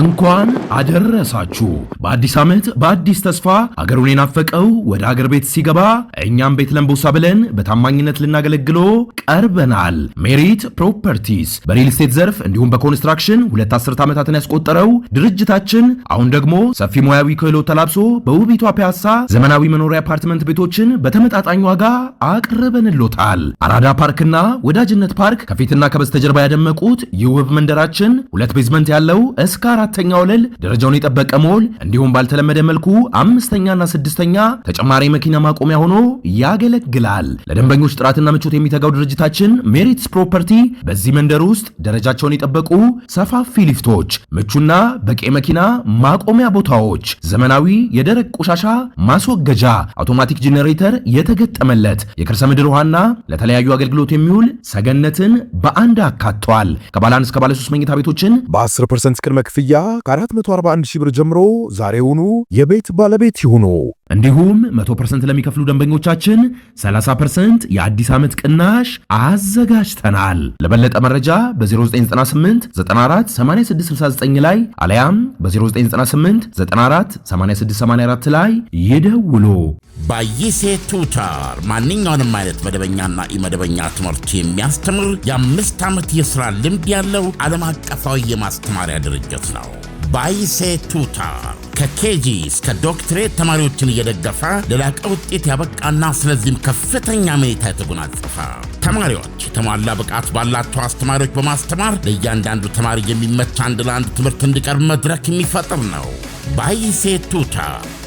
እንኳን አደረሳችሁ። በአዲስ ዓመት በአዲስ ተስፋ አገሩን የናፈቀው ወደ አገር ቤት ሲገባ እኛም ቤት ለንቦሳ ብለን በታማኝነት ልናገለግሎ ቀርበናል። ሜሪት ፕሮፐርቲስ በሪል ስቴት ዘርፍ እንዲሁም በኮንስትራክሽን ሁለት አስርት ዓመታትን ያስቆጠረው ድርጅታችን አሁን ደግሞ ሰፊ ሙያዊ ክህሎት ተላብሶ በውቢቷ ፒያሳ ዘመናዊ መኖሪያ አፓርትመንት ቤቶችን በተመጣጣኝ ዋጋ አቅርበንሎታል። አራዳ ፓርክና ወዳጅነት ፓርክ ከፊትና ከበስተጀርባ ያደመቁት የውብ መንደራችን ሁለት ቤዝመንት ያለው እስከ አራተኛ ወለል ደረጃውን የጠበቀ መሆን እንዲሁም ባልተለመደ መልኩ አምስተኛና ስድስተኛ ተጨማሪ መኪና ማቆሚያ ሆኖ ያገለግላል። ለደንበኞች ጥራትና ምቾት የሚተጋው ድርጅታችን ሜሪትስ ፕሮፐርቲ በዚህ መንደር ውስጥ ደረጃቸውን የጠበቁ ሰፋፊ ሊፍቶች፣ ምቹና በቂ መኪና ማቆሚያ ቦታዎች፣ ዘመናዊ የደረቅ ቆሻሻ ማስወገጃ፣ አውቶማቲክ ጄኔሬተር የተገጠመለት የከርሰ ምድር ውሃና ለተለያዩ አገልግሎት የሚውል ሰገነትን በአንድ አካቷል። ከባለ አንድ እስከ ባለ ሶስት መኝታ ቤቶችን በ10 ፐርሰንት ቅድመ ክፍያ ክፍያ ከ441 ሺህ ብር ጀምሮ ዛሬውኑ የቤት ባለቤት ይሁኑ። እንዲሁም 100% ለሚከፍሉ ደንበኞቻችን 30% የአዲስ ዓመት ቅናሽ አዘጋጅተናል። ለበለጠ መረጃ በ0998 94 8669 ላይ አለያም በ0998 94 8684 ላይ ይደውሉ። ባይሴ ቱታር ማንኛውንም አይነት መደበኛና ኢመደበኛ ትምህርት የሚያስተምር የአምስት ዓመት የሥራ ልምድ ያለው ዓለም አቀፋዊ የማስተማሪያ ድርጅት ነው። ባይሴ ቱታ ከኬጂ እስከ ዶክትሬት ተማሪዎችን እየደገፈ ለላቀ ውጤት ያበቃና ስለዚህም ከፍተኛ መኔታ የተጎናጸፈ ተማሪዎች የተሟላ ብቃት ባላቸው አስተማሪዎች በማስተማር ለእያንዳንዱ ተማሪ የሚመች አንድ ለአንድ ትምህርት እንዲቀርብ መድረክ የሚፈጥር ነው። ባይሴ ቱታ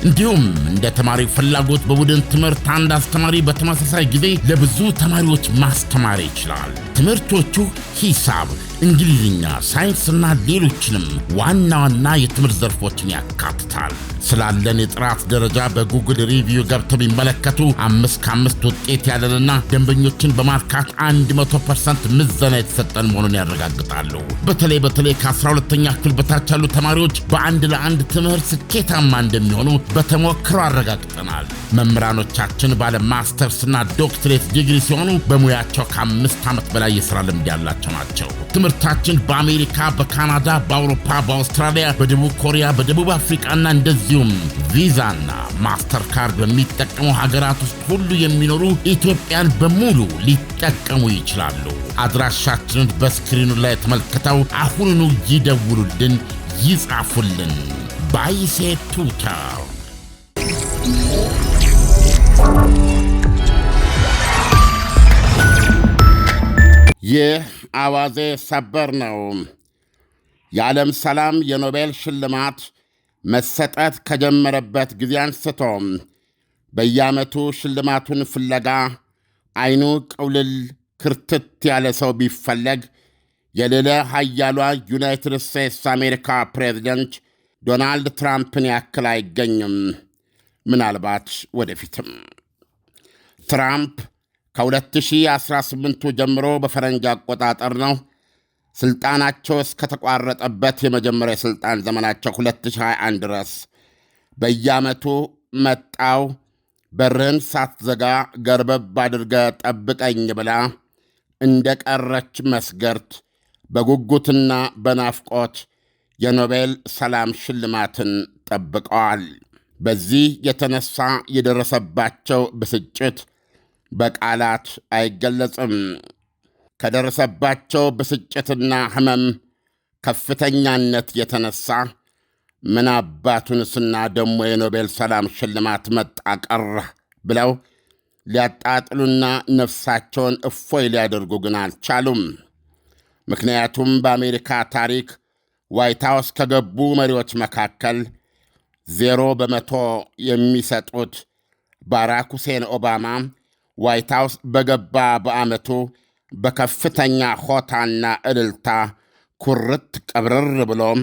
እንዲሁም እንደ ተማሪ ፍላጎት በቡድን ትምህርት አንድ አስተማሪ በተመሳሳይ ጊዜ ለብዙ ተማሪዎች ማስተማር ይችላል። ትምህርቶቹ ሂሳብ፣ እንግሊዝኛ፣ ሳይንስና ሌሎችንም ዋና ዋና የትምህርት ዘርፎችን ያካትታል። ስላለን የጥራት ደረጃ በጉግል ሪቪው ገብተው ቢመለከቱ አምስት ከአምስት ውጤት ያለንና ደንበኞችን በማር ለማሳካት 100 ፐርሰንት ምዘና የተሰጠን መሆኑን ያረጋግጣሉ። በተለይ በተለይ ከ12ተኛ ክፍል በታች ያሉ ተማሪዎች በአንድ ለአንድ ትምህርት ስኬታማ እንደሚሆኑ በተሞክሮ አረጋግጠናል። መምህራኖቻችን ባለ ማስተርስና ዶክትሬት ዲግሪ ሲሆኑ በሙያቸው ከአምስት ዓመት በላይ የሥራ ልምድ ያላቸው ናቸው። ትምህርታችን በአሜሪካ፣ በካናዳ፣ በአውሮፓ፣ በአውስትራሊያ፣ በደቡብ ኮሪያ፣ በደቡብ አፍሪቃና እንደዚሁም ቪዛና ማስተርካርድ በሚጠቀሙ ሀገራት ውስጥ ሁሉ የሚኖሩ ኢትዮጵያን በሙሉ ሊ ሊጠቀሙ ይችላሉ። አድራሻችንን በስክሪኑ ላይ ተመልክተው አሁኑኑ ይደውሉልን፣ ይጻፉልን። ባይሴ ቱታር ይህ አዋዜ ሰበር ነው። የዓለም ሰላም የኖቤል ሽልማት መሰጠት ከጀመረበት ጊዜ አንስቶ በየዓመቱ ሽልማቱን ፍለጋ አይኑ ቅውልል ክርትት ያለ ሰው ቢፈለግ የሌለ ሀያሏ ዩናይትድ ስቴትስ አሜሪካ ፕሬዚደንት ዶናልድ ትራምፕን ያክል አይገኝም፣ ምናልባት ወደፊትም። ትራምፕ ከ2018 ጀምሮ በፈረንጅ አቆጣጠር ነው ስልጣናቸው እስከተቋረጠበት የመጀመሪያ የሥልጣን ዘመናቸው 2021 ድረስ በየዓመቱ መጣው በርህን ሳትዘጋ ገርበብ አድርገ ጠብቀኝ ብላ እንደ ቀረች መስገርት በጉጉትና በናፍቆት የኖቤል ሰላም ሽልማትን ጠብቀዋል። በዚህ የተነሳ የደረሰባቸው ብስጭት በቃላት አይገለጽም። ከደረሰባቸው ብስጭትና ሕመም ከፍተኛነት የተነሳ ምን አባቱንስና ደሞ የኖቤል ሰላም ሽልማት መጣ ቀረ ብለው ሊያጣጥሉና ነፍሳቸውን እፎይ ሊያደርጉ ግን አልቻሉም። ምክንያቱም በአሜሪካ ታሪክ ዋይት ሃውስ ከገቡ መሪዎች መካከል ዜሮ በመቶ የሚሰጡት ባራክ ሁሴን ኦባማ ዋይት ሃውስ በገባ በዓመቱ በከፍተኛ ሆታና እልልታ ኩርት ቀብርር ብሎም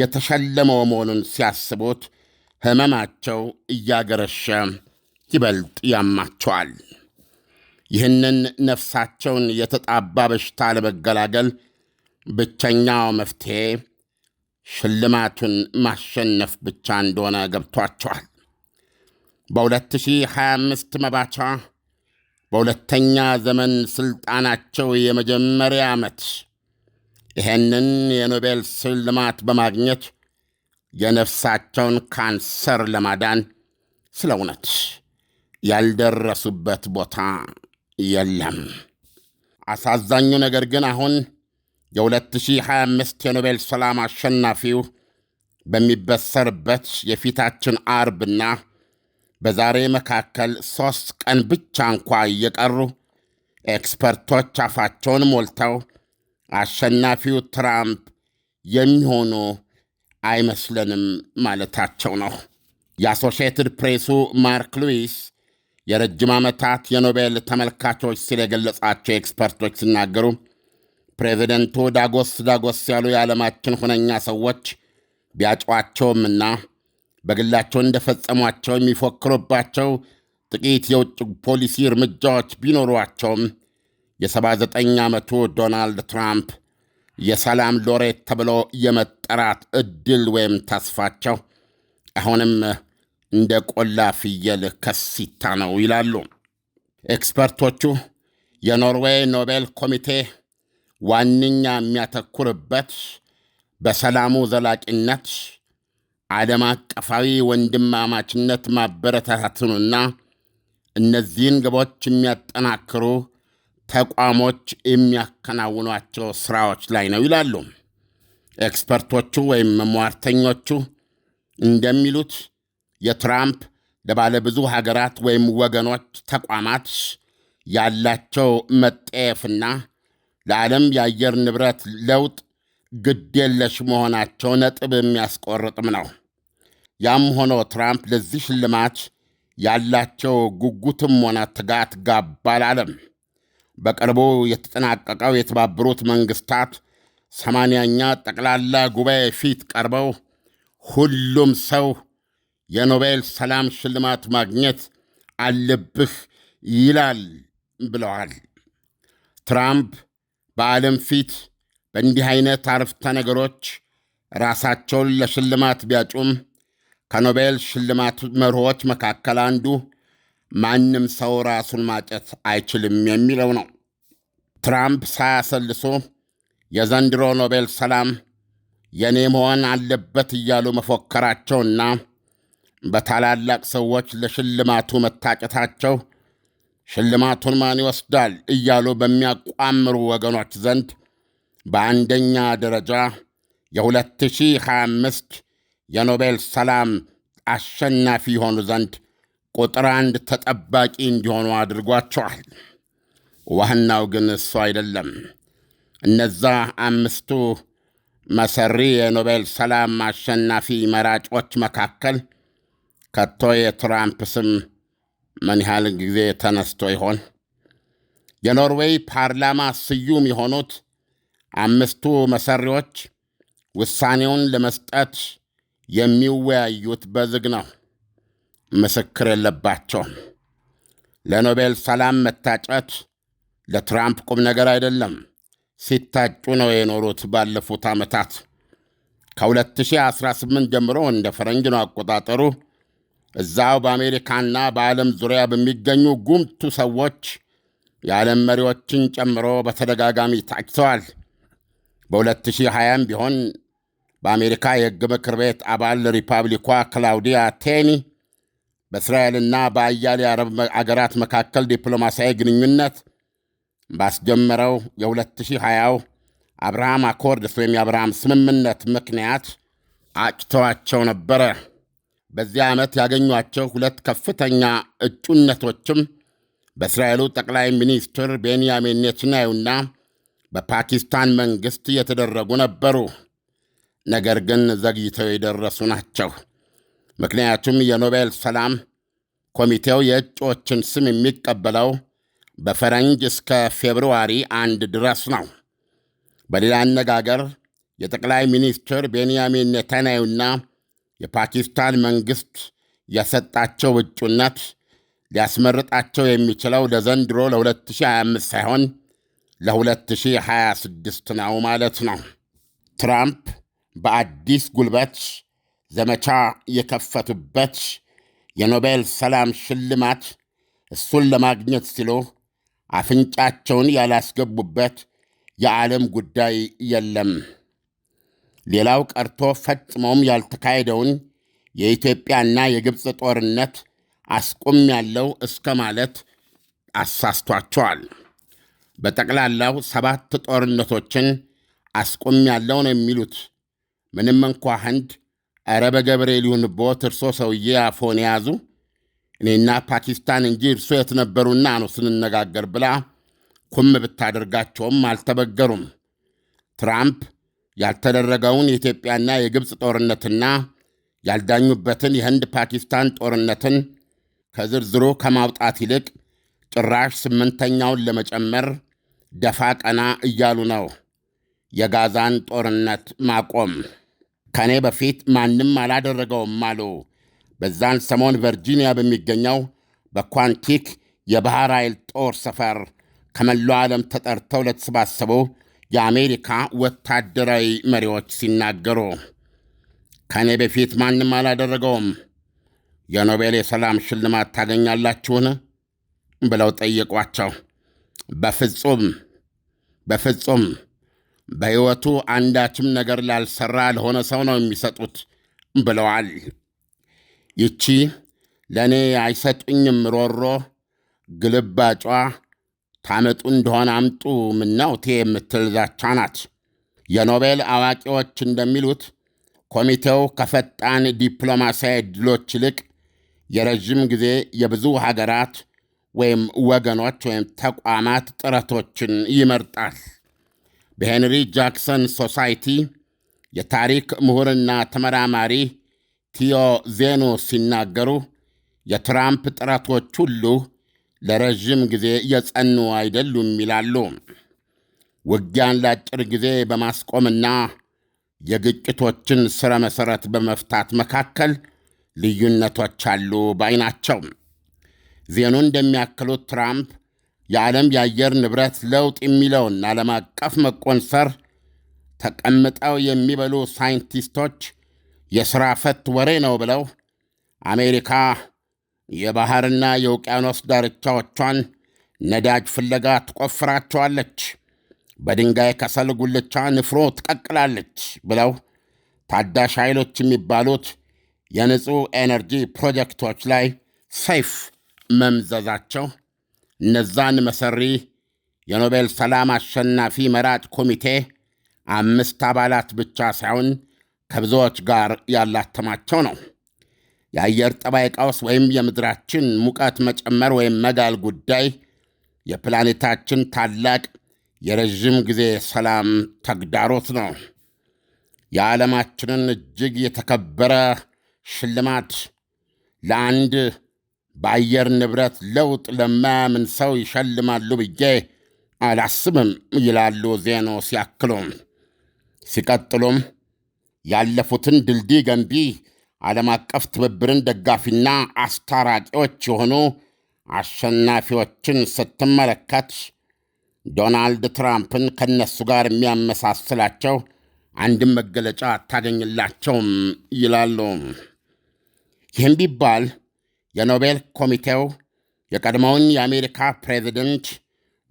የተሸለመው መሆኑን ሲያስቡት ሕመማቸው እያገረሸ ይበልጥ ያማቸዋል። ይህንን ነፍሳቸውን የተጣባ በሽታ ለመገላገል ብቸኛው መፍትሔ ሽልማቱን ማሸነፍ ብቻ እንደሆነ ገብቷቸዋል። በ2025 መባቻ በሁለተኛ ዘመን ሥልጣናቸው የመጀመሪያ ዓመት ይህንን የኖቤል ሽልማት በማግኘት የነፍሳቸውን ካንሰር ለማዳን ስለ እውነት ያልደረሱበት ቦታ የለም። አሳዛኙ ነገር ግን አሁን የ2025 የኖቤል ሰላም አሸናፊው በሚበሰርበት የፊታችን አርብና በዛሬ መካከል ሦስት ቀን ብቻ እንኳ እየቀሩ ኤክስፐርቶች አፋቸውን ሞልተው አሸናፊው ትራምፕ የሚሆኑ አይመስለንም ማለታቸው ነው። የአሶሺየትድ ፕሬሱ ማርክ ሉዊስ የረጅም ዓመታት የኖቤል ተመልካቾች ሲል የገለጻቸው ኤክስፐርቶች ሲናገሩ ፕሬዚደንቱ ዳጎስ ዳጎስ ያሉ የዓለማችን ሁነኛ ሰዎች ቢያጯቸውምና በግላቸው እንደፈጸሟቸው የሚፎክሩባቸው ጥቂት የውጭ ፖሊሲ እርምጃዎች ቢኖሯቸውም የ79 ዓመቱ ዶናልድ ትራምፕ የሰላም ሎሬት ተብሎ የመጠራት ዕድል ወይም ተስፋቸው አሁንም እንደ ቆላ ፍየል ከሲታ ነው ይላሉ ኤክስፐርቶቹ። የኖርዌይ ኖቤል ኮሚቴ ዋነኛ የሚያተኩርበት በሰላሙ ዘላቂነት ዓለም አቀፋዊ ወንድማማችነት ማበረታታቱንና እነዚህን ግቦች የሚያጠናክሩ ተቋሞች የሚያከናውኗቸው ስራዎች ላይ ነው ይላሉ ኤክስፐርቶቹ ወይም ሟርተኞቹ። እንደሚሉት የትራምፕ ለባለብዙ ሀገራት ወይም ወገኖች ተቋማት ያላቸው መጠየፍና ለዓለም የአየር ንብረት ለውጥ ግዴለሽ መሆናቸው ነጥብ የሚያስቆርጥም ነው። ያም ሆኖ ትራምፕ ለዚህ ሽልማት ያላቸው ጉጉትም ሆነ ትጋት ጋባ አላለም። በቅርቡ የተጠናቀቀው የተባበሩት መንግስታት ሰማንያኛ ጠቅላላ ጉባኤ ፊት ቀርበው ሁሉም ሰው የኖቤል ሰላም ሽልማት ማግኘት አለብህ ይላል ብለዋል። ትራምፕ በዓለም ፊት በእንዲህ አይነት አረፍተ ነገሮች ራሳቸውን ለሽልማት ቢያጩም ከኖቤል ሽልማት መርሆች መካከል አንዱ ማንም ሰው ራሱን ማጨት አይችልም የሚለው ነው። ትራምፕ ሳያሰልሱ የዘንድሮ ኖቤል ሰላም የኔ መሆን አለበት እያሉ መፎከራቸውና በታላላቅ ሰዎች ለሽልማቱ መታጨታቸው ሽልማቱን ማን ይወስዳል እያሉ በሚያቋምሩ ወገኖች ዘንድ በአንደኛ ደረጃ የ2025 የኖቤል ሰላም አሸናፊ የሆኑ ዘንድ ቁጥር አንድ ተጠባቂ እንዲሆኑ አድርጓቸዋል። ዋህናው ግን እሱ አይደለም። እነዛ አምስቱ መሰሪ የኖቤል ሰላም አሸናፊ መራጮች መካከል ከቶ የትራምፕ ስም ምን ያህል ጊዜ ተነስቶ ይሆን? የኖርዌይ ፓርላማ ስዩም የሆኑት አምስቱ መሰሪዎች ውሳኔውን ለመስጠት የሚወያዩት በዝግ ነው። ምስክር የለባቸውም። ለኖቤል ሰላም መታጨት ለትራምፕ ቁም ነገር አይደለም። ሲታጩ ነው የኖሩት ባለፉት ዓመታት። ከ2018 ጀምሮ እንደ ፈረንጅ ነው አቆጣጠሩ እዛው በአሜሪካና በዓለም ዙሪያ በሚገኙ ጉምቱ ሰዎች የዓለም መሪዎችን ጨምሮ በተደጋጋሚ ታጭተዋል። በ2020ም ቢሆን በአሜሪካ የሕግ ምክር ቤት አባል ሪፐብሊኳ ክላውዲያ ቴኒ በእስራኤልና በአያሌ አረብ አገራት መካከል ዲፕሎማሲያዊ ግንኙነት ባስጀመረው የ2020 አብርሃም አኮርድስ ወይም የአብርሃም ስምምነት ምክንያት አጭተዋቸው ነበረ። በዚህ ዓመት ያገኟቸው ሁለት ከፍተኛ እጩነቶችም በእስራኤሉ ጠቅላይ ሚኒስትር ቤንያሚን ኔትንያሁና በፓኪስታን መንግሥት የተደረጉ ነበሩ። ነገር ግን ዘግይተው የደረሱ ናቸው። ምክንያቱም የኖቤል ሰላም ኮሚቴው የእጩዎችን ስም የሚቀበለው በፈረንጅ እስከ ፌብርዋሪ አንድ ድረስ ነው። በሌላ አነጋገር የጠቅላይ ሚኒስትር ቤንያሚን ኔታንያሁና የፓኪስታን መንግሥት የሰጣቸው እጩነት ሊያስመርጣቸው የሚችለው ለዘንድሮ ለ2025 ሳይሆን ለ2026 ነው ማለት ነው። ትራምፕ በአዲስ ጉልበት ዘመቻ የከፈቱበት የኖቤል ሰላም ሽልማት እሱን ለማግኘት ሲሉ አፍንጫቸውን ያላስገቡበት የዓለም ጉዳይ የለም። ሌላው ቀርቶ ፈጽሞም ያልተካሄደውን የኢትዮጵያና የግብፅ ጦርነት አስቁም ያለው እስከ ማለት አሳስቷቸዋል። በጠቅላላው ሰባት ጦርነቶችን አስቁም ያለው ነው የሚሉት ምንም እንኳ ህንድ አረ በገብርኤል ቦት እርሶ ሰውዬ አፎን የያዙ እኔና ፓኪስታን እንጂ እርሶ የት ነበሩና ነው ስንነጋገር ብላ ኩም ብታደርጋቸውም አልተበገሩም። ትራምፕ ያልተደረገውን የኢትዮጵያና የግብፅ ጦርነትና ያልዳኙበትን የህንድ ፓኪስታን ጦርነትን ከዝርዝሩ ከማውጣት ይልቅ ጭራሽ ስምንተኛውን ለመጨመር ደፋ ቀና እያሉ ነው። የጋዛን ጦርነት ማቆም ከእኔ በፊት ማንም አላደረገውም አሉ። በዛን ሰሞን ቨርጂኒያ በሚገኘው በኳንቲክ የባሕር ኃይል ጦር ሰፈር ከመላው ዓለም ተጠርተው ለተሰባሰቡ የአሜሪካ ወታደራዊ መሪዎች ሲናገሩ ከእኔ በፊት ማንም አላደረገውም፣ የኖቤል የሰላም ሽልማት ታገኛላችሁን ብለው ጠየቋቸው። በፍጹም በፍጹም በሕይወቱ አንዳችም ነገር ላልሠራ ለሆነ ሰው ነው የሚሰጡት ብለዋል። ይቺ ለእኔ አይሰጡኝም ሮሮ ግልባጯ ታመጡ እንደሆነ አምጡ ምናውቴ የምትል ዛቻ ናት። የኖቤል አዋቂዎች እንደሚሉት ኮሚቴው ከፈጣን ዲፕሎማሲያዊ ድሎች ይልቅ የረዥም ጊዜ የብዙ ሀገራት ወይም ወገኖች ወይም ተቋማት ጥረቶችን ይመርጣል። በሄንሪ ጃክሰን ሶሳይቲ የታሪክ ምሁርና ተመራማሪ ቲዮ ዜኖ ሲናገሩ የትራምፕ ጥረቶች ሁሉ ለረዥም ጊዜ የጸኑ አይደሉም ይላሉ። ውጊያን ለአጭር ጊዜ በማስቆምና የግጭቶችን ሥረ መሠረት በመፍታት መካከል ልዩነቶች አሉ ባይ ናቸው። ዜኑ እንደሚያክሉት ትራምፕ የዓለም የአየር ንብረት ለውጥ የሚለውን ዓለም አቀፍ መቆንሰር ተቀምጠው የሚበሉ ሳይንቲስቶች የሥራ ፈት ወሬ ነው ብለው አሜሪካ የባሕርና የውቅያኖስ ዳርቻዎቿን ነዳጅ ፍለጋ ትቆፍራቸዋለች፣ በድንጋይ ከሰል ጉልቻ ንፍሮ ትቀቅላለች ብለው ታዳሽ ኃይሎች የሚባሉት የንጹሕ ኤነርጂ ፕሮጀክቶች ላይ ሰይፍ መምዘዛቸው እነዛን መሰሪ የኖቤል ሰላም አሸናፊ መራጭ ኮሚቴ አምስት አባላት ብቻ ሳይሆን ከብዙዎች ጋር ያላተማቸው ነው። የአየር ጠባይ ቀውስ ወይም የምድራችን ሙቀት መጨመር ወይም መጋል ጉዳይ የፕላኔታችን ታላቅ የረዥም ጊዜ ሰላም ተግዳሮት ነው። የዓለማችንን እጅግ የተከበረ ሽልማት ለአንድ በአየር ንብረት ለውጥ ለማያምን ሰው ይሸልማሉ ብዬ አላስብም ይላሉ ዜኖ ሲያክሉ ሲቀጥሉም ያለፉትን ድልድይ ገንቢ ዓለም አቀፍ ትብብርን ደጋፊና አስታራቂዎች የሆኑ አሸናፊዎችን ስትመለከት ዶናልድ ትራምፕን ከነሱ ጋር የሚያመሳስላቸው አንድም መገለጫ አታገኝላቸውም ይላሉ። ይህም ቢባል የኖቤል ኮሚቴው የቀድሞውን የአሜሪካ ፕሬዚደንት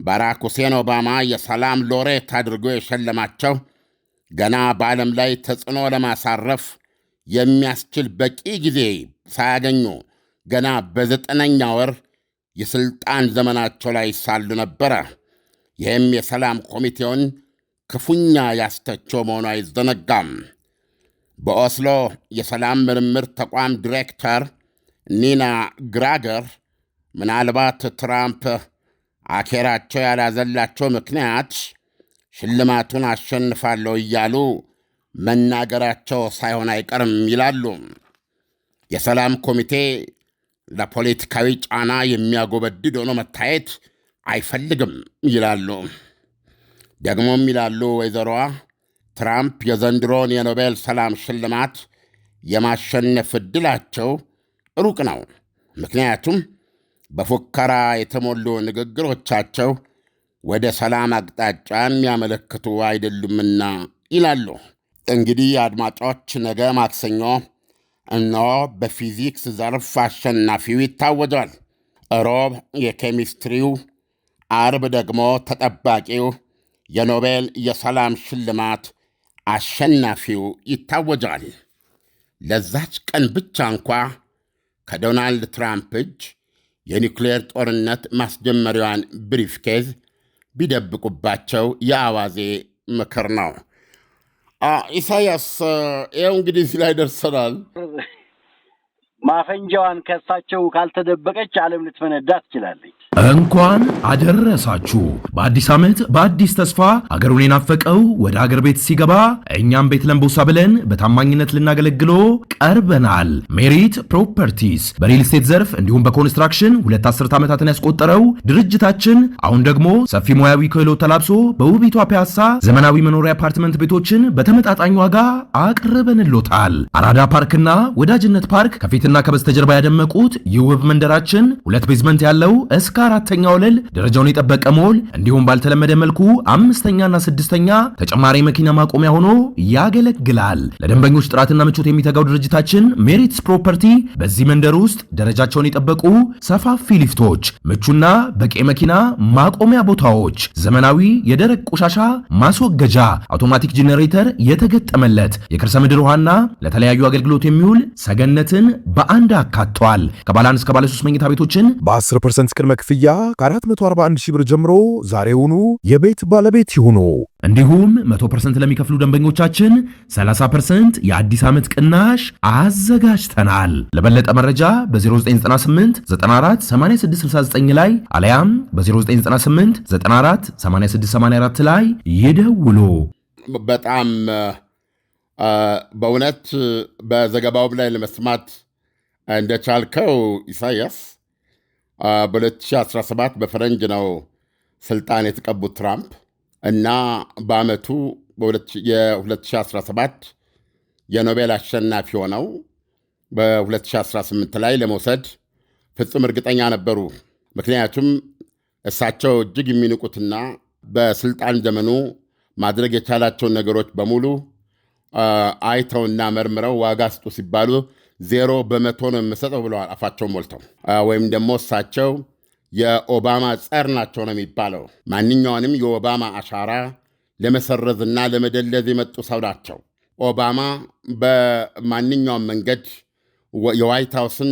ባራክ ሁሴን ኦባማ የሰላም ሎሬት አድርጎ የሸለማቸው ገና በዓለም ላይ ተጽዕኖ ለማሳረፍ የሚያስችል በቂ ጊዜ ሳያገኙ ገና በዘጠነኛ ወር የሥልጣን ዘመናቸው ላይ ሳሉ ነበረ። ይህም የሰላም ኮሚቴውን ክፉኛ ያስተቸው መሆኑ አይዘነጋም። በኦስሎ የሰላም ምርምር ተቋም ዲሬክተር ኒና ግራገር ምናልባት ትራምፕ አኬራቸው ያላዘላቸው ምክንያት ሽልማቱን አሸንፋለሁ እያሉ መናገራቸው ሳይሆን አይቀርም ይላሉ። የሰላም ኮሚቴ ለፖለቲካዊ ጫና የሚያጎበድድ ሆኖ መታየት አይፈልግም ይላሉ። ደግሞም ይላሉ ወይዘሮዋ ትራምፕ የዘንድሮን የኖቤል ሰላም ሽልማት የማሸነፍ ዕድላቸው ሩቅ ነው። ምክንያቱም በፉከራ የተሞሉ ንግግሮቻቸው ወደ ሰላም አቅጣጫ የሚያመለክቱ አይደሉምና ይላሉ። እንግዲህ አድማጮች፣ ነገ ማክሰኞ እነሆ በፊዚክስ ዘርፍ አሸናፊው ይታወጃል። ሮብ የኬሚስትሪው፣ አርብ ደግሞ ተጠባቂው የኖቤል የሰላም ሽልማት አሸናፊው ይታወጃል። ለዛች ቀን ብቻ እንኳ ከዶናልድ ትራምፕ እጅ የኒውክሌር ጦርነት ማስጀመሪያዋን ብሪፍኬዝ ቢደብቁባቸው የአዋዜ ምክር ነው። ኢሳያስ፣ ይኸው እንግዲህ እዚህ ላይ ደርሰናል። ማፈንጃዋን ከሳቸው ካልተደበቀች ዓለም ልትፈነዳ ትችላለች። እንኳን አደረሳችሁ። በአዲስ ዓመት በአዲስ ተስፋ አገሩን የናፈቀው ወደ አገር ቤት ሲገባ እኛም ቤት ለንቦሳ ብለን በታማኝነት ልናገለግሎ ቀርበናል። ሜሪት ፕሮፐርቲስ በሪል ስቴት ዘርፍ እንዲሁም በኮንስትራክሽን ሁለት አስርት ዓመታትን ያስቆጠረው ድርጅታችን አሁን ደግሞ ሰፊ ሙያዊ ክህሎት ተላብሶ በውቢቷ ፒያሳ ዘመናዊ መኖሪያ አፓርትመንት ቤቶችን በተመጣጣኝ ዋጋ አቅርበንሎታል። አራዳ ፓርክና ወዳጅነት ፓርክ ከፊትና ከበስተጀርባ ያደመቁት ይውብ መንደራችን ሁለት ቤዝመንት ያለው እስካ በ 14 ወለል ደረጃውን የጠበቀ ሞል እንዲሁም ባልተለመደ መልኩ አምስተኛና ስድስተኛ ተጨማሪ መኪና ማቆሚያ ሆኖ ያገለግላል። ለደንበኞች ጥራትና ምቾት የሚተጋው ድርጅታችን ሜሪትስ ፕሮፐርቲ በዚህ መንደር ውስጥ ደረጃቸውን የጠበቁ ሰፋፊ ሊፍቶች፣ ምቹና በቂ መኪና ማቆሚያ ቦታዎች፣ ዘመናዊ የደረቅ ቆሻሻ ማስወገጃ፣ አውቶማቲክ ጄኔሬተር የተገጠመለት የከርሰ ምድር ውሃና ለተለያዩ አገልግሎት የሚውል ሰገነትን በአንድ አካቷል። ከባለ አንድ እስከ ባለ ሶስት መኝታ ቤቶችን በ10 ቅድመ ክፍያ ከ441 ሺህ ብር ጀምሮ ዛሬውኑ የቤት ባለቤት ይሁኑ። እንዲሁም 100% ለሚከፍሉ ደንበኞቻችን 30% የአዲስ ዓመት ቅናሽ አዘጋጅተናል። ለበለጠ መረጃ በ0998 8669 ላይ አለያም በ0998 8684 ላይ ይደውሉ። በጣም በእውነት በዘገባው ላይ ለመስማት እንደቻልከው ኢሳያስ በ2017 በፈረንጅ ነው ስልጣን የተቀቡት ትራምፕ እና በአመቱ የ2017 የኖቤል አሸናፊ ሆነው በ2018 ላይ ለመውሰድ ፍጹም እርግጠኛ ነበሩ። ምክንያቱም እሳቸው እጅግ የሚንቁትና በስልጣን ዘመኑ ማድረግ የቻላቸውን ነገሮች በሙሉ አይተውና መርምረው ዋጋ ስጡ ሲባሉ ዜሮ በመቶ ነው የምሰጠው ብለዋል። አፋቸው ሞልተው ወይም ደግሞ እሳቸው የኦባማ ጸር ናቸው ነው የሚባለው። ማንኛውንም የኦባማ አሻራ ለመሰረዝና ለመደለዝ የመጡ ሰው ናቸው። ኦባማ በማንኛውም መንገድ የዋይት ሀውስን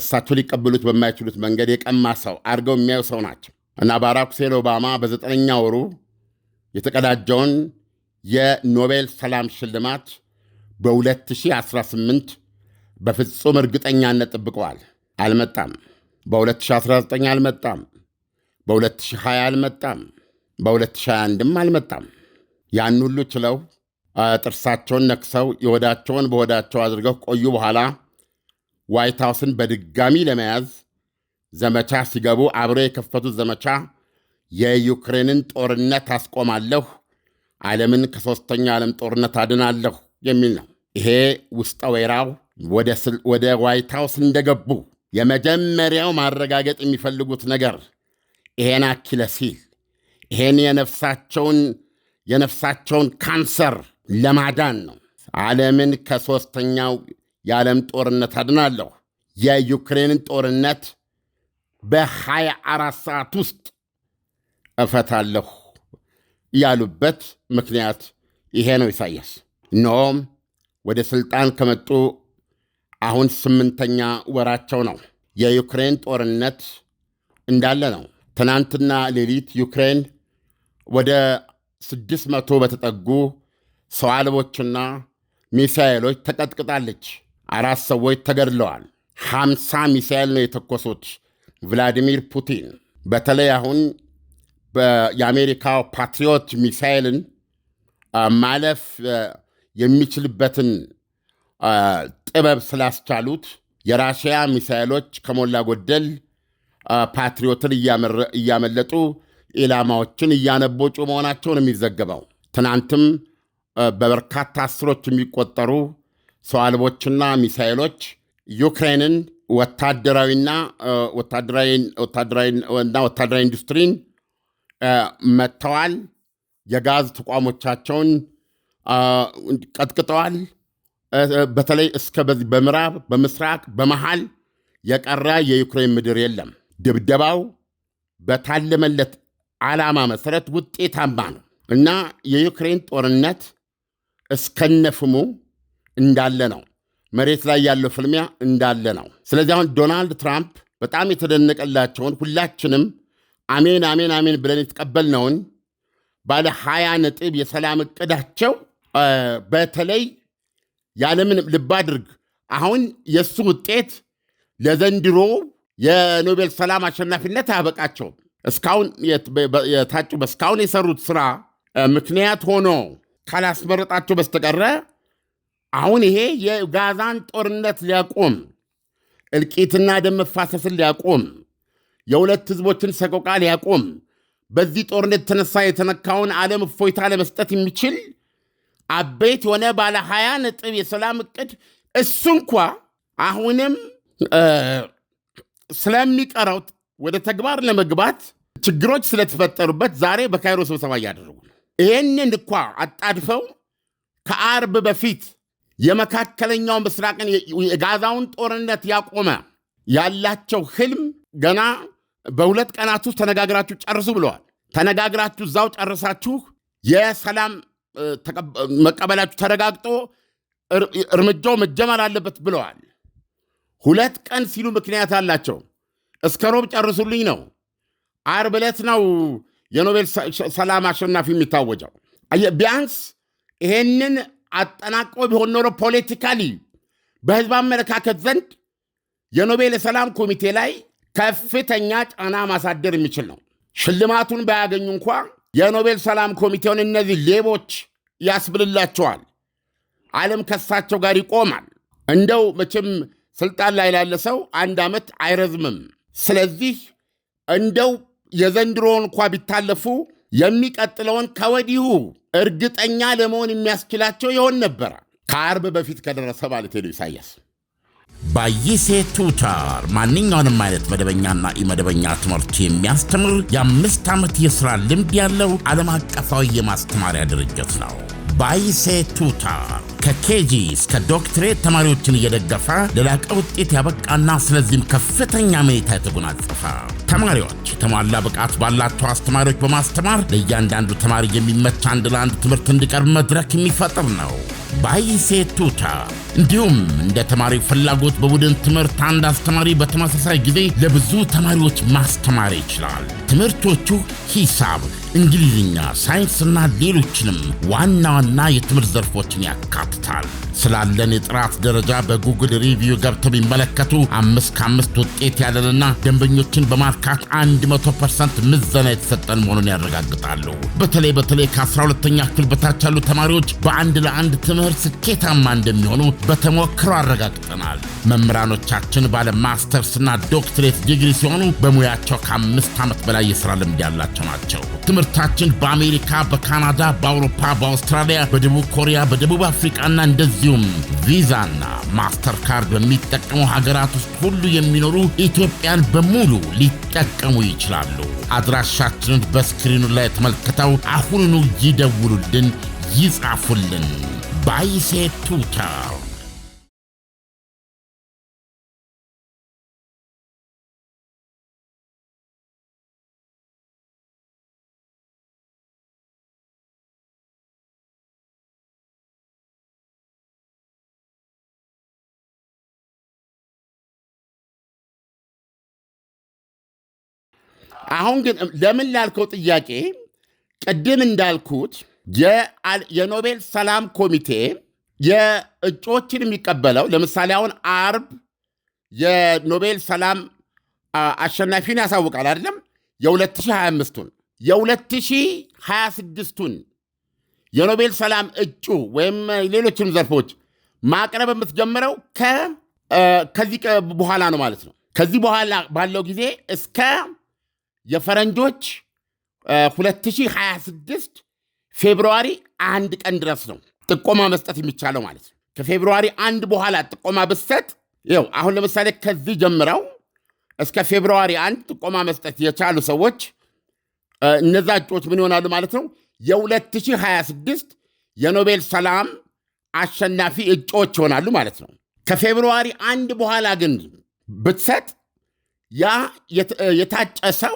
እሳቸው ሊቀበሉት በማይችሉት መንገድ የቀማ ሰው አድርገው የሚያዩ ሰው ናቸው እና ባራክ ሁሴን ኦባማ በዘጠነኛ ወሩ የተቀዳጀውን የኖቤል ሰላም ሽልማት በ2018 በፍጹም እርግጠኛነት ጠብቀዋል። አልመጣም። በ2019 አልመጣም። በ2020 አልመጣም። በ2021ም አልመጣም። ያን ሁሉ ችለው ጥርሳቸውን ነክሰው የወዳቸውን በወዳቸው አድርገው ቆዩ። በኋላ ዋይት ሀውስን በድጋሚ ለመያዝ ዘመቻ ሲገቡ አብረው የከፈቱት ዘመቻ የዩክሬንን ጦርነት አስቆማለሁ፣ ዓለምን ከሦስተኛው ዓለም ጦርነት አድናለሁ የሚል ነው። ይሄ ውስጠ ወይራው ወደ ዋይት ሃውስ እንደገቡ የመጀመሪያው ማረጋገጥ የሚፈልጉት ነገር ይሄን አኪለ ሲል ይሄን የነፍሳቸውን የነፍሳቸውን ካንሰር ለማዳን ነው። ዓለምን ከሦስተኛው የዓለም ጦርነት አድናለሁ። የዩክሬንን ጦርነት በ24 ሰዓት ውስጥ እፈታለሁ ያሉበት ምክንያት ይሄ ነው። ኢሳያስ እነሆም ወደ ሥልጣን ከመጡ አሁን ስምንተኛ ወራቸው ነው። የዩክሬን ጦርነት እንዳለ ነው። ትናንትና ሌሊት ዩክሬን ወደ ስድስት መቶ በተጠጉ ሰው አልቦችና ሚሳኤሎች ተቀጥቅጣለች። አራት ሰዎች ተገድለዋል። ሀምሳ ሚሳኤል ነው የተኮሱት ቭላዲሚር ፑቲን በተለይ አሁን የአሜሪካው ፓትሪዮት ሚሳኤልን ማለፍ የሚችልበትን ጥበብ ስላስቻሉት የራሽያ ሚሳይሎች ከሞላ ጎደል ፓትሪዮትን እያመለጡ ኢላማዎችን እያነቦጩ መሆናቸውን የሚዘገበው ትናንትም በበርካታ አስሮች የሚቆጠሩ ሰው አልቦችና ሚሳይሎች ዩክሬንን ወታደራዊና ወታደራዊ ኢንዱስትሪን መጥተዋል። የጋዝ ተቋሞቻቸውን ቀጥቅጠዋል። በተለይ እስከ በዚህ በምዕራብ በምስራቅ በመሃል የቀረ የዩክሬን ምድር የለም። ድብደባው በታለመለት ዓላማ መሰረት ውጤታማ ነው እና የዩክሬን ጦርነት እስከነፍሙ እንዳለ ነው። መሬት ላይ ያለው ፍልሚያ እንዳለ ነው። ስለዚህ አሁን ዶናልድ ትራምፕ በጣም የተደነቀላቸውን ሁላችንም አሜን አሜን አሜን ብለን የተቀበልነውን ባለ ሀያ ነጥብ የሰላም እቅዳቸው በተለይ ያለምንም ልብ አድርግ። አሁን የእሱ ውጤት ለዘንድሮ የኖቤል ሰላም አሸናፊነት አያበቃቸውም። እስካሁን የታጩ እስካሁን የሰሩት ስራ ምክንያት ሆኖ ካላስመረጣቸው በስተቀረ አሁን ይሄ የጋዛን ጦርነት ሊያቆም እልቂትና ደም መፋሰስን ሊያቆም የሁለት ህዝቦችን ሰቆቃ ሊያቆም በዚህ ጦርነት የተነሳ የተነካውን ዓለም እፎይታ ለመስጠት የሚችል አበይት የሆነ ባለ ሀያ ነጥብ የሰላም እቅድ እሱ እንኳ አሁንም ስለሚቀረው ወደ ተግባር ለመግባት ችግሮች ስለተፈጠሩበት ዛሬ በካይሮ ስብሰባ እያደረጉ ነው። ይህንን እኳ አጣድፈው ከአርብ በፊት የመካከለኛው ምስራቅን የጋዛውን ጦርነት ያቆመ ያላቸው ህልም ገና በሁለት ቀናት ውስጥ ተነጋግራችሁ ጨርሱ ብለዋል። ተነጋግራችሁ እዛው ጨርሳችሁ የሰላም መቀበላችሁ ተረጋግጦ እርምጃው መጀመር አለበት ብለዋል። ሁለት ቀን ሲሉ ምክንያት አላቸው። እስከ ሮብ ጨርሱልኝ ነው። አርብ ዕለት ነው የኖቤል ሰላም አሸናፊ የሚታወጀው። ቢያንስ ይሄንን አጠናቀው ቢሆን ኖሮ ፖለቲካሊ በህዝብ አመለካከት ዘንድ የኖቤል የሰላም ኮሚቴ ላይ ከፍተኛ ጫና ማሳደር የሚችል ነው። ሽልማቱን ባያገኙ እንኳ የኖቤል ሰላም ኮሚቴውን እነዚህ ሌቦች ያስብልላቸዋል። ዓለም ከሳቸው ጋር ይቆማል። እንደው መቼም ስልጣን ላይ ላለ ሰው አንድ ዓመት አይረዝምም። ስለዚህ እንደው የዘንድሮ እንኳ ቢታለፉ የሚቀጥለውን ከወዲሁ እርግጠኛ ለመሆን የሚያስችላቸው ይሆን ነበረ። ከአርብ በፊት ከደረሰ ማለት ነው ኢሳያስ ባይሴ ቱታር ማንኛውንም አይነት መደበኛና ኢመደበኛ ትምህርት የሚያስተምር የአምስት ዓመት የሥራ ልምድ ያለው ዓለም አቀፋዊ የማስተማሪያ ድርጅት ነው። ባይሴ ቱታር ከኬጂ እስከ ዶክትሬት ተማሪዎችን እየደገፈ ለላቀ ውጤት ያበቃና ስለዚህም ከፍተኛ መኔታ የተጎናጸፈ ተማሪዎች የተሟላ ብቃት ባላቸው አስተማሪዎች በማስተማር ለእያንዳንዱ ተማሪ የሚመች አንድ ለአንድ ትምህርት እንዲቀርብ መድረክ የሚፈጥር ነው። ባይሴ ቱታ እንዲሁም እንደ ተማሪ ፍላጎት በቡድን ትምህርት አንድ አስተማሪ በተመሳሳይ ጊዜ ለብዙ ተማሪዎች ማስተማር ይችላል። ትምህርቶቹ ሂሳብ እንግሊዝኛ፣ ሳይንስና ሌሎችንም ዋና ዋና የትምህርት ዘርፎችን ያካትታል። ስላለን የጥራት ደረጃ በጉግል ሪቪው ገብተው ቢመለከቱ አምስት ከአምስት ውጤት ያለንና ደንበኞችን በማርካት 100 ፐርሰንት ምዘና የተሰጠን መሆኑን ያረጋግጣሉ። በተለይ በተለይ ከ12ተኛ ክፍል በታች ያሉ ተማሪዎች በአንድ ለአንድ ትምህርት ስኬታማ እንደሚሆኑ በተሞክሮ አረጋግጠናል። መምህራኖቻችን ባለ ማስተርስና ዶክትሬት ዲግሪ ሲሆኑ በሙያቸው ከአምስት ዓመት በላይ የሥራ ልምድ ያላቸው ናቸው። ምርታችን በአሜሪካ፣ በካናዳ፣ በአውሮፓ፣ በአውስትራሊያ፣ በደቡብ ኮሪያ፣ በደቡብ አፍሪቃና እንደዚሁም ቪዛና ማስተርካርድ በሚጠቀሙ ሀገራት ውስጥ ሁሉ የሚኖሩ ኢትዮጵያን በሙሉ ሊጠቀሙ ይችላሉ። አድራሻችንን በስክሪኑ ላይ ተመልክተው አሁኑኑ ይደውሉልን፣ ይጻፉልን። ባይሴ ቱታር አሁን ግን ለምን ላልከው ጥያቄ ቅድም እንዳልኩት የኖቤል ሰላም ኮሚቴ የእጩዎችን የሚቀበለው ለምሳሌ አሁን አርብ የኖቤል ሰላም አሸናፊን ያሳውቃል አይደለም? የ2025ቱን የ2026ቱን የኖቤል ሰላም እጩ ወይም ሌሎችም ዘርፎች ማቅረብ የምትጀምረው ከዚህ በኋላ ነው ማለት ነው። ከዚህ በኋላ ባለው ጊዜ እስከ የፈረንጆች 2026 ፌብርዋሪ አንድ ቀን ድረስ ነው ጥቆማ መስጠት የሚቻለው ማለት ነው። ከፌብርዋሪ አንድ በኋላ ጥቆማ ብሰጥ ይኸው አሁን ለምሳሌ ከዚህ ጀምረው እስከ ፌብርዋሪ አንድ ጥቆማ መስጠት የቻሉ ሰዎች እነዛ እጩዎች ምን ይሆናሉ ማለት ነው? የ2026 የኖቤል ሰላም አሸናፊ እጩዎች ይሆናሉ ማለት ነው። ከፌብርዋሪ አንድ በኋላ ግን ብትሰጥ ያ የታጨ ሰው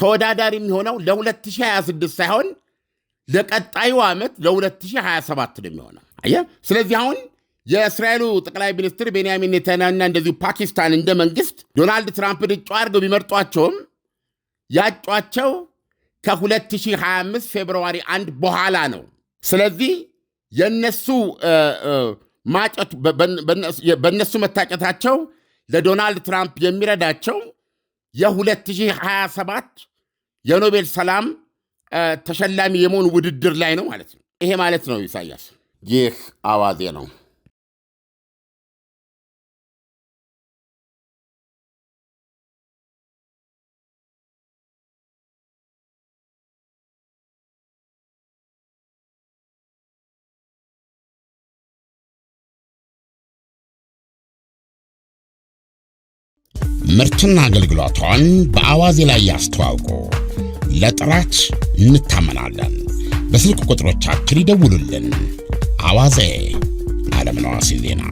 ተወዳዳሪ የሚሆነው ለ2026 ሳይሆን ለቀጣዩ ዓመት ለ2027 ነው የሚሆነው። አየህ፣ ስለዚህ አሁን የእስራኤሉ ጠቅላይ ሚኒስትር ቤንያሚን ኔታንያሁና እንደዚሁ ፓኪስታን እንደ መንግስት ዶናልድ ትራምፕን እጩ አድርገው ቢመርጧቸውም ያጯቸው ከ2025 ፌብርዋሪ አንድ በኋላ ነው። ስለዚህ የነሱ ማጨቱ በነሱ መታጨታቸው ለዶናልድ ትራምፕ የሚረዳቸው የ2027 የኖቤል ሰላም ተሸላሚ የመሆን ውድድር ላይ ነው ማለት ነው። ይሄ ማለት ነው ኢሳያስ። ይህ አዋዜ ነው። ምርትና አገልግሎቷን በአዋዜ ላይ ያስተዋውቁ። ለጥራች እንታመናለን። በስልክ ቁጥሮቻችን ይደውሉልን። አዋዜ አለምነህ ዋሴ ዜና